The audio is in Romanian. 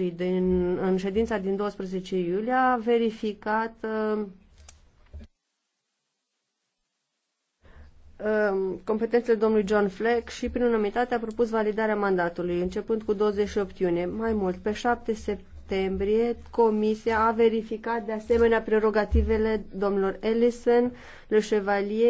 Cipri din, în ședința din 12 iulie a verificat uh, uh, competențele domnului John Fleck și prin unanimitate a propus validarea mandatului, începând cu 28 iunie. Mai mult, pe 7 septembrie, Comisia a verificat de asemenea prerogativele domnilor Ellison, Le Chevalier,